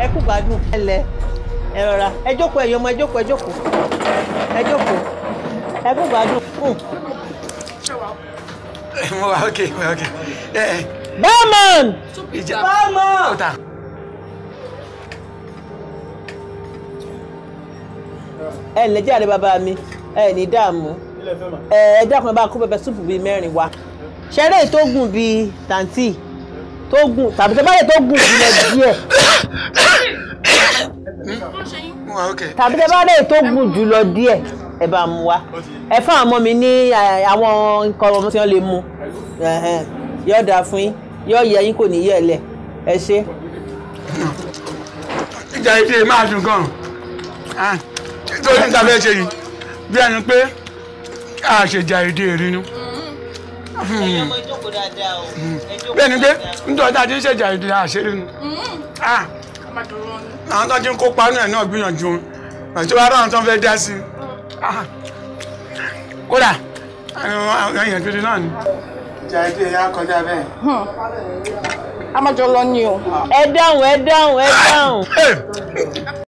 ẹ kú gbádùn ẹ lẹ ẹ rọra ẹ jókòó ẹyọ ọmọ ẹ jókòó ẹ jókòó ẹ jókòó ẹ kú gbádùn. mo wà ok mo wà ok. báman. báman. ẹ ǹlẹ́ jàre bàbá mi ẹ ní dààmú ẹ dákun ẹ bá kó pẹpẹ súpù bíi mẹ́rin wá ṣẹlẹ̀ tó gùn bíi tàǹtì tó gùn tàbí tó bá yẹ tó gùn bíi lẹ díẹ̀ tàbí tẹ bá rẹ̀ tó gùn jù lọ ẹ bá mu wá ẹ fún àwọn ọmọ mi ní àwọn nǹkan ọmọ tí wọ́n lè mu yóò dáa fún yín yóò yẹ yín kò ní yẹ lẹ ẹ ṣe. ìjà ìdí máa dùn gan-an nítorí níta fẹ́ ṣe yìí bí ẹni pé àṣejà ìdí èrínú. ẹ̀yin hmm. ọmọ ìjọ Hmm. bẹ́ẹ̀ ni pé nítorí tá a ti ń ṣèjà ìdílé àṣírí nu àwọn tó ti ń kópa náà náà gbìyànjú àti wàá ráwọn tó ń fẹ́ dá sí ah. kódà àwọn èèyàn gidi náà ni. ìjà ìdí ẹ̀yà kọjá bẹ́ẹ̀. Hmm. a máa jọ lọ ni o. ẹ dáhùn ẹ dáhùn ẹ ah. dáhùn.